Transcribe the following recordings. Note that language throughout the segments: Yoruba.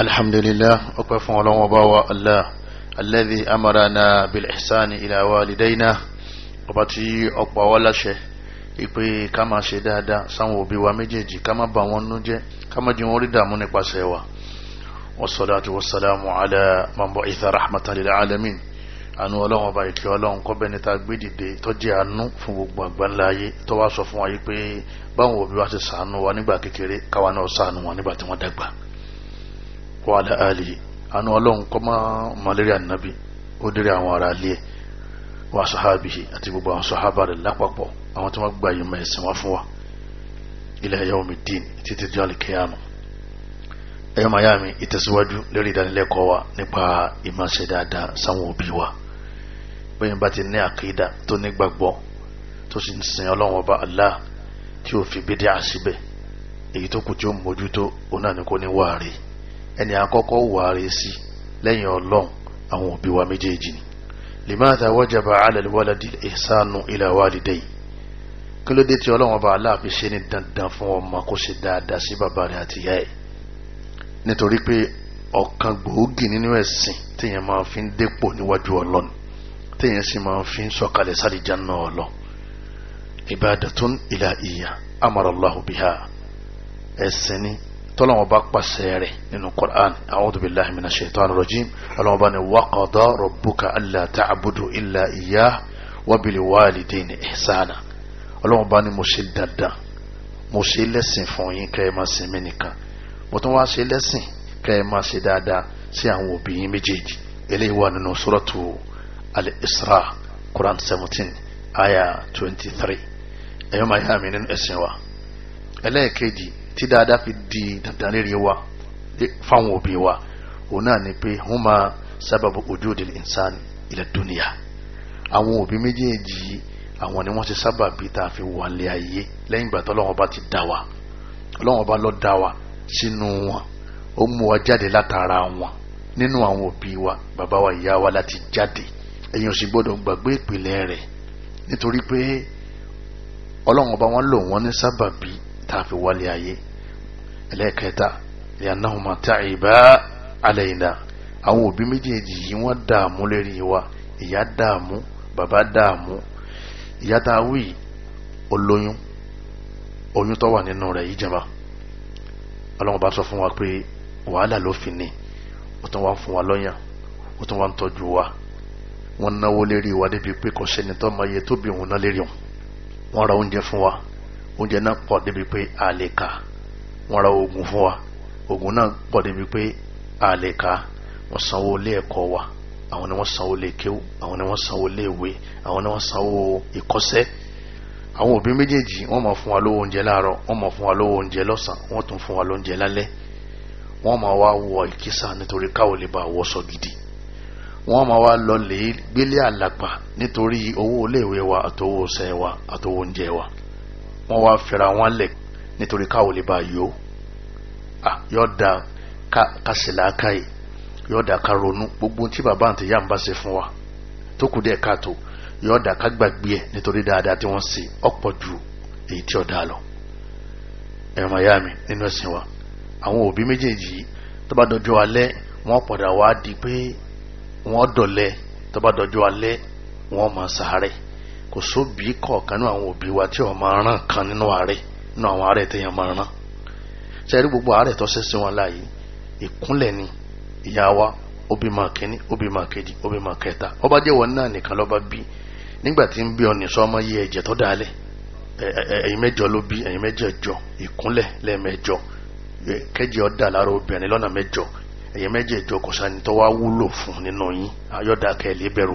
الحمد لله أكفى ولو وباوى الله الذي أمرنا بالإحسان إلى والدينا وباتي أكبى ولا شيء ipe ká máa ṣe dáadáa sáwọn òbí wa méjèèjì ká má bà wọn nú jẹ́ ká má jí wọn rí dààmú nípasẹ̀ wa wasalaatu wasalaamu ala mambo isa rahmatan lil alamin anu Ọlọ́run ọba ìkẹ Ọlọ́run kọbẹ níta gbé dìde tọjú àánú fún gbogbo àgbáńlá ayé tó wá sọ fún wa yìí pé báwọn òbí wa ti ṣàánú wa nígbà kékeré káwa náà ṣàánú wọn nígbà tí wọn dàgbà wa ala alihi anu ọlọ́run kó malaria nàbí ó dérí àwọn ará ilé wa sahabihi àti gbogbo àwọn sahaba rẹ̀ lápapọ̀ àwọn tí wọ́n gba ìmọ̀ ẹ̀sìn wá fún wa ila yawmiddin títí di alìkẹ́yàmù ẹ̀yọ́ mayami ìtẹ̀síwájú lórí ìdánilẹ́kọ̀ọ́ wa nípa ìmọ̀ọ́sẹ̀ dáadáa sáwọn òbí wa bẹ́ẹ̀ bá ti ní àkídà tó ní gbàgbọ́ tó sì ń sin ọlọ́run ọba Allah tí ó fi bídíà síbẹ̀ èyí tó kù tí ó mójútó òun náà ni kò ní wàá ẹni àkọ́kọ́ wà rẹ sí lẹ́yìn ọlọ́run àwọn òbí wa méjèèjì ni limáta wajaba ala alwaladi ihsanu ila walidayhi kí ló dé tí ọlọ́run ọba aláàfin ṣe ní dandan fún ọmọ kó ṣe dáadáa sí bàbá rẹ̀ àti ìyá ẹ̀ nítorí pé ọ̀kan gbòógì nínú ẹ̀sìn téèyàn máa fi ń dépò níwájú ọlọ́run téèyàn sì máa fi ń sọ̀kalẹ̀ sálìjà náà lọ ibadatun ila iya amara Allahu biha ẹ̀sìn ni tọ́lọ́wọ́n bá pàṣẹ rẹ̀ nínú Qur'an a'udhu billahi minash shaitani rajim ọlọ́wọ́n bá ní wa qada rabbuka alla ta'budu illa iyyah wa bil walidayni ihsana ọlọ́wọ́n bá ní mo ṣe dandan mo ṣe lẹ́sìn fún yín kẹ́ ẹ máa sìn mí nìkan mo tún wá ṣe lẹ́sìn kẹ́ ẹ máa ṣe dáadáa sí àwọn òbí yín méjèèjì eléyìí wà nínú suratu al-Isra Qur'an seventeen aya twenty three ẹ̀yọ́ máa yá mi nínú ẹ̀sìn wa ẹlẹ́ẹ̀kejì tí dáadáa fi di dandanlẹ́rìí wa fáwọn òbí wa òun náà ni pé huma sábàbù wujudil insani ila dunya àwọn òbí méjèèjì àwọn ni wọ́n ti sábàbí tá a fi wà lé ayé lẹ́yìn ìgbà tó Ọlọ́run Ọba ti dá wa Ọlọ́run Ọba ló dá wa sínú wọn ó mú wa jáde látara wọn nínú àwọn òbí wa bàbá wa ìyá wa láti jáde èyàn sì gbọ́dọ̀ gbàgbé ìpìlẹ̀ rẹ̀ nítorí pé Ọlọ́run Ọba wọn lò wọ́n ní sábàbí tá a fi wálé ayé ẹlẹ́ẹ̀kẹta ní ma ta'iba alayna àwọn òbí méjèèjì yìí wọ́n dààmú lérí wa ìyá dààmú bàbá dààmú ìyá tá a wí olóyún oyún tó wà nínú rẹ̀ yìí ọlọ́run bá fún wa pé wàhálà ló fi ni ó tún wá fún wa lọ́yàn ó tún wá ń tọ́jú wa wọ́n náwó lérí wa débi pé kò sẹ́ni tó máa ra oúnjẹ fún wa oúnjẹ náà pọ̀ débi pé a lè wọ́n ra oògùn fún wa oògùn náà pọ̀ débi pé a lè ka wọ́n sanwó ilé ẹ̀kọ́ wa àwọn ni wọ́n sanwó ilé kéwú àwọn ni wọ́n sanwó ilé ìwé àwọn ni wọ́n sanwó ìkọ́sẹ́ àwọn òbí méjèèjì wọ́n máa fún wa lówó oúnjẹ láàárọ̀ wọ́n máa fún wa lówó oúnjẹ lọ́sàn wọ́n tún fún wa lóúnjẹ lálẹ́ wọ́n máa wá wọ ìkísà nítorí káwọ́ lè bá wọṣọ gidi wọ́n máa wá lọ lè gbélé àlàpà nítorí owó iléèwé wa àtowó wa àtowó oúnjẹ wa wọ́n wá fẹ́ra wọn lẹ̀ nítorí káwọ lè bá yó ah, yọ da kásìlákàyè yọ da ká ronú gbogbo tí bàbá àti ìyá ń bá ṣe fún wa tó kù díẹ̀ káàtó yọ da ká gbàgbé ẹ̀ nítorí dáadáa tí wọ́n ṣe ọ̀pọ̀ ju èyí tí ọ̀dà lọ ẹ̀rọ ìyá mi nínú ẹ̀sìn wa àwọn òbí méjèèjì tó bá dọjọ́ alẹ́ wọ́n padà wá di pé wọ́n dọ̀lẹ́ tó bá dọjọ́ alẹ́ wọ́n máa sàárẹ̀ kò sóbì kọ̀ọ̀kan nínú àwọn òbí wa tí ọ̀ máa ràn kan nínú àárẹ̀ nínú àwọn àárẹ̀ tẹ̀yàn máa rán ṣẹ́rí gbogbo àárẹ̀ tó ṣẹ́ wọn láàyè ìkúnlẹ̀ ni ìyá wa obìmọ̀ kínní obìmọ̀ kejì obìmọ̀ kẹta ọba jẹ́wọ́ náà nìkan lọ́ba bí nígbà tí ń bí ọ nìṣọ́ ọmọ yẹ ẹ̀jẹ̀ tó dálẹ̀ ẹ̀yin mẹ́jọ ló bí ẹ̀yin mẹ́jọ jọ ìkúnlẹ̀ lẹ́ẹ̀mẹ́jọ kẹ́jì ọ̀dà lára obìnrin lọ́nà mẹ́jọ wá wúlò fún nínú yín ayọ́dà bẹ̀rù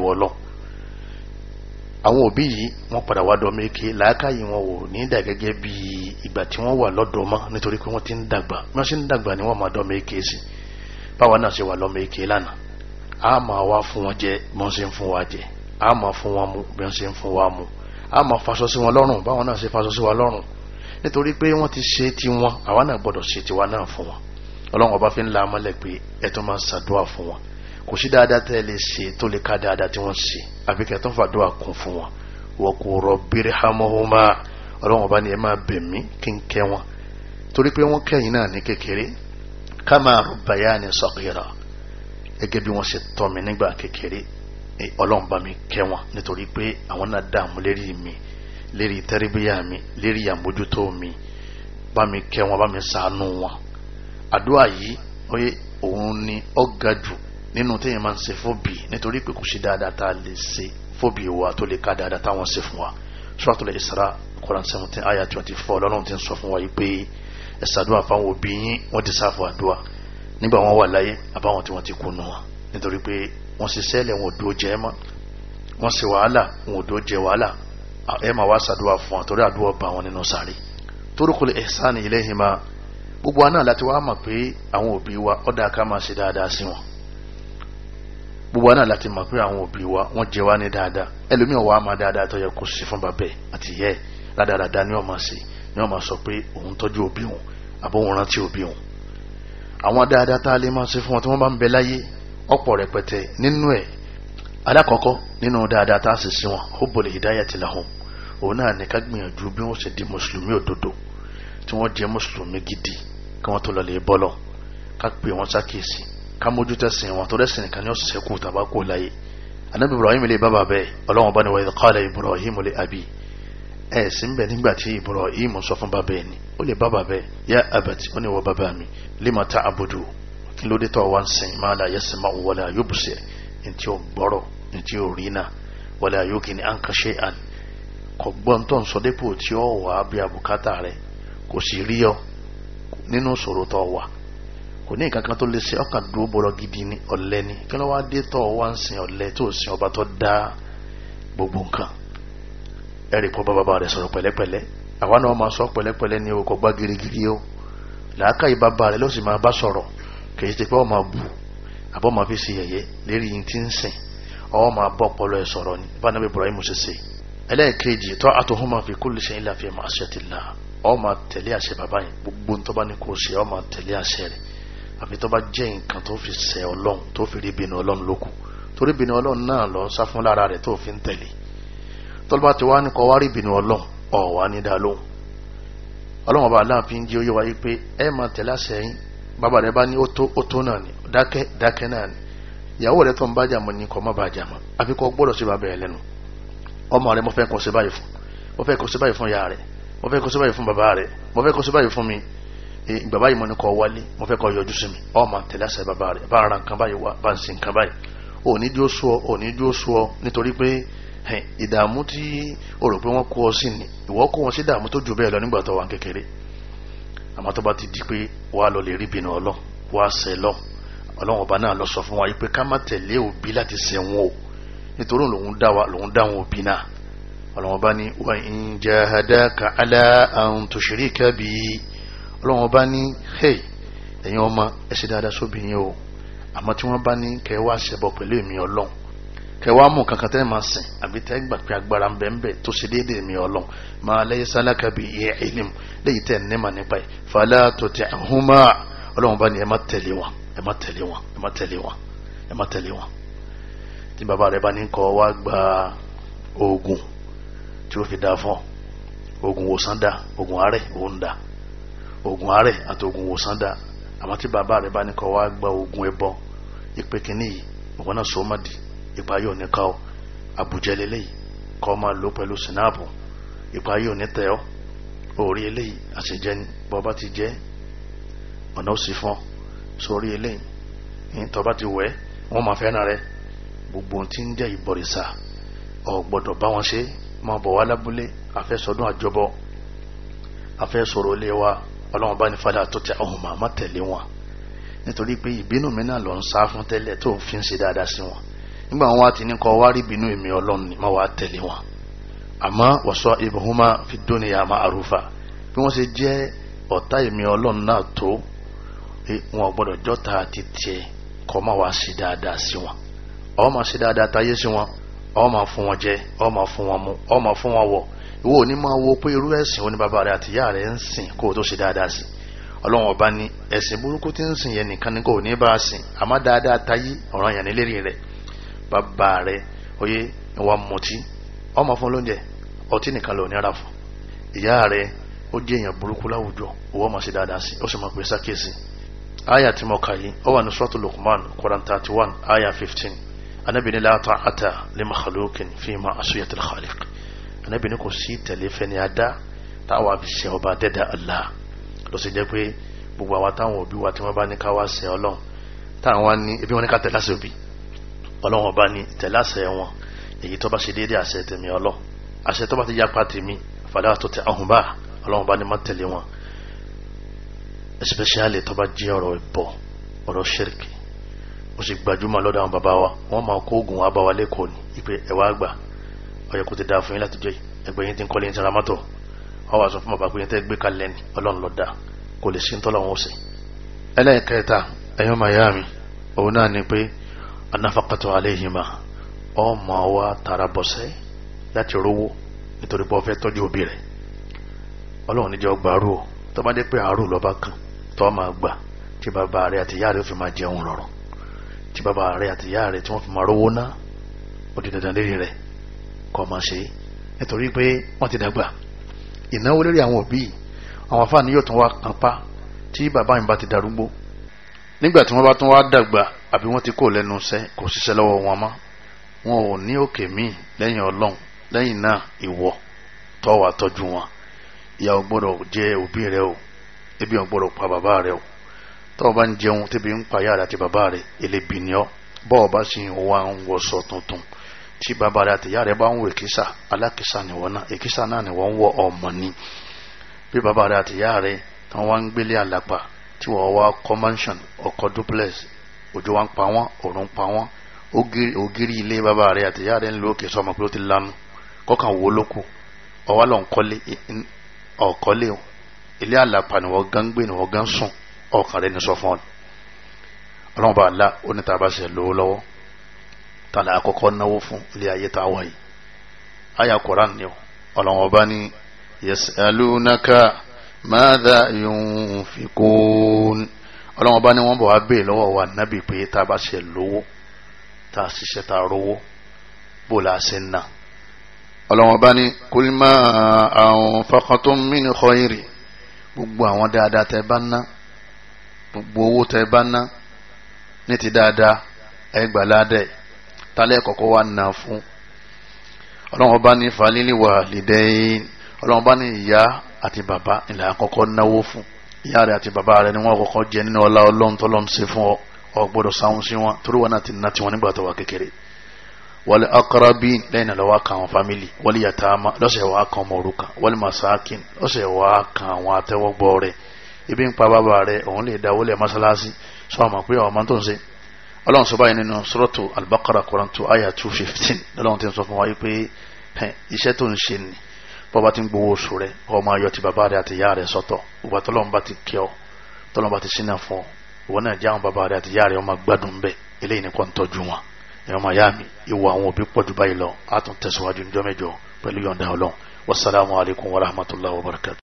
àwọn òbí yìí wọ́n padà wá dọ̀ méke làákàyè wọn ò ní dà gẹ́gẹ́ bí ìgbà tí wọ́n wà lọ́dọ̀ mọ́ nítorí pé wọ́n ti ń dàgbà wọ́n sì ń dàgbà ni wọ́n máa dọ̀ méke sí báwa náà ṣe wà lọ́ méke lánàá a máa wá fún wọn jẹ bí wọ́n ṣe ń fún wa jẹ a máa fún wọn mu bí wọ́n ṣe ń fún wa mu a máa faṣọ sí wọn lọ́rùn báwa náà ṣe faṣọ sí wa lọ́rùn nítorí pé wọ́n ti ṣe tiwọn àwa náà gbọ́dọ̀ ṣe tiwa náà fún wọn ọlọ́run ọba fi ń la amọ́lẹ̀ pé ẹ tó máa ṣàdúrà fún wọn kò sí dáadáa tẹ́ lè ṣe tó lè ká dáadáa tí wọ́n ṣe àfi kẹ́tọ́ fàdúrà kún fún wọn wọ́n kò rọ bírí hamahoma ọlọ́wọ́n bá ní ẹ máa bẹ̀ mí kí n kẹ́ wọn torí pé wọ́n kẹ́yìn náà ní kékeré ká máa rọ bàyá ni sọ̀kìrà gẹ́gẹ́ bí wọ́n ṣe tọ́ mi nígbà kékeré ọlọ́wọ́n bá mi kẹ́ wọn nítorí pé àwọn náà dààmú lérí mi lérí tẹ́rìbíyà mi lérí àmójútó mi bá mi kẹ́ wọn bá mi ṣàánú wọn àdúrà yìí òun ni ọ̀gá jù nínú téèyàn máa ń ṣe fóbì nítorí pé kò sí dáadáa tá a lè ṣe fóbì wa tó lè ká dáadáa táwọn ṣe fún wa suratul Isra Quran seventeen ayah twenty four lọ́nà tí ń sọ fún wa yìí pé ẹ ṣàdúrà fáwọn òbí yín wọ́n ti sáfù àdúrà nígbà wọn wà láyé àbáwọn tí wọ́n ti kú nù wọn nítorí pé wọ́n ṣe sẹ́lẹ̀ wọn ò dó jẹ́ mọ́ wọ́n ṣe wàhálà wọn ò dó jẹ́ wàhálà ẹ máa wá ṣàdúrà fún wọn torí àdúrà bá wọn nínú sáré turukul ihsani ilayhima gbogbo àná láti wá mọ̀ pé àwọn òbí wa ọ̀dà ká máa ṣe dáadáa sí wọn gbogbo àná láti mọ̀ pé àwọn òbí wa wọ́n jẹ wá ní dáadáa ẹlòmíì ọ̀wá máa dáadáa tó yẹ kó sí fún bàbẹ́ àti ìyẹ́ ẹ̀ ládàádáa ni wọ́n máa ṣe ni wọ́n máa sọ pé òun tọ́jú òbí òun àbó òun rántí òbí òun. àwọn dáadáa tá a lè máa ṣe fún wọn tí wọ́n bá ń bẹ láyé ọ̀pọ̀ rẹpẹtẹ nínú ẹ̀ alákọ̀ọ́kọ́ nínú dáadáa tá a sì sí wọn hubbul hidayati lahum òun gidi kí wọ́n tó lọ lè bọ́lọ̀ ká pè ká mójútó sìn wọn tó dẹ́sìn kan ní ọ̀sùn sẹ́kù tàbá kò láyé anabi ibrahim lè bá bàbá ẹ̀ ọlọ́wọ́n bá ní wa idh ibrahim lè abi ẹ̀ sì ń bẹ̀ nígbà tí ibrahim sọ fún bàbá ẹ̀ ni ó lè bá bàbá ẹ̀ ya abati ó ní wọ bàbá mi lima abudu kí ló dé tó wá ń sìn ma la yasma'u wala yubsir ntí ó gbọ́rọ̀ ntí ó rí náà wala yughni anka shay'an kò gbọ́n tó ń sọ dépò tí ó wà á bí abùkátà rẹ̀ kò sì rí ọ nínú ìṣòro tó wà kò ní ìkankan tó lè ṣe ọkà dúró bọ̀rọ̀ gidi ní ọ̀lẹ́ ni kí ló wá dé tọ́ wá ń sin ọ̀lẹ́ tó sin ọba tó dá gbogbo nǹkan ẹ̀rì pọ̀ bàbá rẹ̀ sọ̀rọ̀ pẹ̀lẹ́pẹ̀lẹ́ àwa náà máa sọ pẹ̀lẹ́pẹ̀lẹ́ ní okò gbá girigiri o làákàyè bàbá rẹ̀ ló sì máa bá sọ̀rọ̀ kì í ti pé ọ máa bù àbọ̀ máa fi ṣe lérí yìí ti ń sìn ọ máa bọ́ ọpọlọ ẹ̀ sọ̀rọ̀ ni bá nàbẹ̀ Ibrahim ṣe ṣe ẹlẹ́ẹ̀kejì tó àtọ̀húnmá fi kulli shay'in illa fi ma'siyatillah ọ máa tẹ̀lé àṣẹ bàbá yẹn gbogbo ń tọ́ bá ní kò ṣe ọ máa tẹ̀lé àṣẹ rẹ̀ àfi tó bá jẹ́ nǹkan tó fi ṣe ọlọ́run tó fi rí bínú ọlọ́run lókù torí bínú ọlọ́run náà lọ sá fún lára rẹ̀ tó fi ń tẹ̀lé tọ́lá ti wá ní wá rí bínú ọlọ́run ọ̀wá ní dá lóhùn ọlọ́run ọba aláàfin jí ó yé wáyé pé ẹ máa tẹ̀lé àṣẹ bàbá rẹ bá ní ó tó ó tó náà ni dákẹ́ dákẹ́ náà ni ìyàwó rẹ tó ń bájà mọ́ ni kò má bájà mọ́ àfi kò gbọ́dọ̀ sí bàbá rẹ lẹ́nu ọmọ rẹ mo fẹ́ kọ́ sí báyìí fún mo fẹ́ kọ́ sí báyìí fún ìyá rẹ mo fẹ́ kọ́ sí báyìí fún bàbá rẹ mo fẹ́ kọ́ sí báyìí fún mi bàbá yìí mo ní kọ́ wálé mo fẹ́ kọ́ yọjú sí mi ọmọ tẹ̀lé àṣẹ bàbá rẹ̀ bá ara nǹkan báyìí wá bá ń sin nǹkan báyìí òní dúró sú ọ òní dúró sú ọ nítorí pé ìdààmú tí o rò pé wọ́n kó ọ sí ni ìwọ kó wọn sí ìdààmú tó ju bẹ́ẹ̀ lọ nígbà tó wà kékeré àmọ́ tó bá ti di pé wàá lọ lè rí bìnà ọlọ wàá sẹ lọ ọlọ́run ọba náà lọ sọ fún wa pé ká má tẹ̀lé òbí láti sẹ o nítorí lòun dá wa lòun dá wọn òbí náà ọlọ́run ọba ní wa in jahadaka ala an tushrika bi ọlọ́run ọba ní hey ẹ̀yin ọmọ ẹ ṣe dáadáa sóbìnrin o àmọ́ tí wọ́n bá ní kẹ́ ẹ wá ṣẹbọ pẹ̀lú èmi ọlọ́run kẹ́ ẹ wá mú kankan tẹ́ ẹ máa sìn àbí tẹ́ ẹ gbà pé agbára ń bẹ ń bẹ tó ṣe déédéé mi ọlọ́run máa lẹ́yìn sálákà bíi ìyẹ́ ìlìm lẹ́yìn tẹ́ ẹ nímà nípa ẹ̀ fàlà tòtẹ́ ahùnmá ọlọ́run bá ní ẹ má tẹ̀lé wọn ẹ má tẹ̀lé wọn ẹ má tẹ̀lé wọn ẹ má tẹ̀lé wọn tí bàbá rẹ bá ní kọ́ wá gba oògùn tí ó fi dáa fún oògùn wòsàn dáa oògùn àárẹ̀ òun dáa oògùn àárẹ̀ àti oògùn wòsàn dá àmọ́ tí bàbá rẹ̀ bá ní kọ́ wá gba oògùn ẹbọ ìpè kínní yìí ìwọ náà sọ mọ́dì ipa yóò ní ká ọ àbújá eléyìí kọ́ máa lò pẹ̀lú sinapu ipa yóò ní tẹ̀ ọ́ orí eléyìí àṣejẹ ni bọ́ ti jẹ́ ọ̀nà ó sì fún sórí eléyìí tó bá ti wẹ̀ wọ́n máa fẹ́ràn rẹ gbogbo ohun tí ń jẹ́ ìbọ̀rìṣà ò gbọ́dọ̀ bá wọn ṣe máa bọ̀ wá lábúlé àfẹ́sọdún àjọbọ afẹ́ ilé wa ọlọ́run bá ní fàdà tó tẹ ọ̀hún màmá tẹ̀lé wọn nítorí pé ìbínú mi náà lọ ń sá fún tẹ́lẹ̀ tó fi ń ṣe dáadáa sí wọn nígbà wọn wá ti ní kọ́ wá rí ìbínú èmi ọlọ́run ni má wá tẹ̀lé wọn àmọ́ wọ́sọ fi ọ e, máa ṣe dáadáa táyé sí wọn ọ máa fún jẹ ọ máa fún mu ọ máa fún wọn ìwọ ò ní máa wo pé irú ẹ̀sìn wo ni bàbá rẹ àti ìyá rẹ ń sìn kó o tó ṣe dáadáa sí ọlọ́run ọba ní ẹ̀sìn burúkú tí ń sìn yẹn nìkan ni kò ní bá a sìn àmọ́ dáadáa tayí ọ̀ràn yẹn nílérí rẹ bàbá rẹ oyè ìwà mọ̀tí ọmọ fún lóúnjẹ ọtí nìkan ló ní ara fún ìyá rẹ ó jẹ́ èèyàn burúkú láwùjọ òwò máa ṣe dáadáa sí ó sì máa pè sákèsí aya tí mo kà yìí ó wà ní suratul Luqman Quran thirty one aya fifteen anabi ni la ta'ata li makhluqin fi ma'asiyatil khaliq anabi ni kò sí tẹ̀lé fẹ́ni adá táwa fi ṣe ọba dẹ́dà Allah ló sì jẹ́ pé gbogbo àwa táwọn òbí wa tí wọ́n bá ní ká wá ṣe ọlọ́run táwọn wá ní ebi wọn ní ká tẹ̀lé àṣẹ òbí ọlọ́run ọba ní tẹ̀lé àṣẹ wọn èyí tó bá ṣe déédéé àṣẹ tèmi ọlọ́run àṣẹ ti yapa tèmi fàdà tó tẹ ọ̀hún bá ọlọ́run ọba ní má tẹ̀lé wọn especially tó bá jẹ́ ọ̀rọ̀ ìbọ ọ̀rọ̀ ṣẹ́rìkì ó sì gbajúmọ̀ lọ́dọ̀ àwọn bàbá wa wọ́n máa kó oògùn wa bá wa lẹ́kọ̀ọ́ ní ìpè ẹ̀wà àgbà ọyẹ kò ti dáa fún yín láti jẹ́ ẹgbẹ́ yín ti ń kọ́lé yín ti ra mọ́tò wọ́n wá sọ fún bàbá pé yín tẹ́ gbé kalẹ̀ ní ọlọ́run kò lè ṣe o tó bá dé pé àárò lọ́ba kan tó máa gbà tí bàbá rẹ̀ àti ìyá rẹ̀ fi máa jẹun rọrùn tí bàbá rẹ̀ àti ìyá rẹ̀ tí wọ́n fi máa rówó ná ó di rẹ̀ kọ́ ọmọ ṣe nítorí pé wọ́n ti dàgbà ìnáwó lórí àwọn òbí àwọn afáàní yóò tún wá kanpa tí bàbá mi bá ti darúgbó nígbà tí wọ́n bá tún wá dàgbà àbí wọ́n ti kó lẹ́nu iṣẹ́ kò ṣiṣẹ́ lọ́wọ́ wọn mọ́ wọn ò ní òkè míì lẹ́yìn ọlọ́run lẹ́yìn náà ìwọ tó wà tọ́jú wọn ìyà gbọ́dọ̀ jẹ òbí rẹ o ebi ò gbọ́dọ̀ pa bàbá rẹ o tọ́ bá ń jẹun tẹ́bi ń pa yàrá àti bàbá rẹ elébi ni bọ́ọ̀ bá sì ń wá ń wọṣọ tuntun tí bàbá rẹ àtìyá rẹ bá ń wọ èkísà alákìsà nìwọ náà èkísà náà nìwọ ń wọ ọmọ ni bí bàbá rẹ àtìyá rẹ tí wọn wá ń gbélé àlàpà tí wọn wá convention ọkọ duplex òjò wa ń pa wọn òòrùn ń pa wọn ògiri ilé bàbá rẹ àtìyá rẹ ń lo òkè sọmọ pé ó ti lanu kọkàn wo lóko ọwọ lọ nkọlé ọkọlé o ilé àlàpà nìwọ gán gbé nìwọ gán sùn ọkàn rẹ ní sọ fún ọ la ó ní tá tani àkọ́kọ́ náwó fún ilé ayé tá a wà yìí àyà koran ni ọlọ́run ọba ní yasalunaka madha yunfikun ọlọ́run ọba ní wọ́n bọ̀ wá bèè lọ́wọ́ wa nábì pé tá a bá ṣe lówó tá a ṣiṣẹ́ tá bó la ṣe ń nà ọlọ́run ọba ní kul ma anfaqtum min khayri gbogbo àwọn dáadáa tẹ bá ná gbogbo owó tẹ bá ná ní ti dáadáa ẹ ládàá tálẹ̀ kọ̀kọ́ wà nà fún ọlọ́run bá ní falílì wà lédè ọlọ́run bá ní ìyá àti bàbá ilẹ̀ àkọ́kọ́ náwó fún ìyá rẹ̀ àti bàbá rẹ̀ ni wọ́n kọ́kọ́ jẹ nínú ọlá ọlọ́run tọ́lọ́run ṣe fún ọ ọ gbọ́dọ̀ sáwọn sí wọn torí wọn náà ti ná tiwọn nígbà tó wà kékeré wali akarabin lẹ́yìn náà lọ́wọ́ kan àwọn fámìlì wali yatama lọ́sẹ̀ wà kan ọmọ òrukàn wali masakin lọ́sẹ̀ wà kan àwọn atẹ́wọ́gbọ́ rẹ̀ ibi ń pa bàbá rẹ̀ òun lè dáwọ́lẹ̀ mọ́sálásí sọ àmọ́ pé àwọn ọmọ tó ń ṣe ọlọ́run sọ báyìí nínú sọ́rọ́tò albakara quran two ayah two fifteen lọ́lọ́run ti sọ fún wa yìí pé iṣẹ́ tó ń ṣe ni bọ́ba ti ń gbowó oṣù rẹ̀ kọ́ máa yọ ti bàbá rẹ̀ àti ìyá rẹ̀ sọ́tọ̀ ìgbà tọ́lọ́run bá ti kẹ́ ọ tọ́lọ́run bá ti ṣínà fún ọ ìwọ náà jáwọn bàbá rẹ̀ àti ìyá rẹ̀ ọmọ gbádùn ń bẹ̀ eléyìí ni kò ń tọ́jú wọn ẹ̀rọ máa yá mi ìwọ àwọn òbí pọ̀ jù báyìí lọ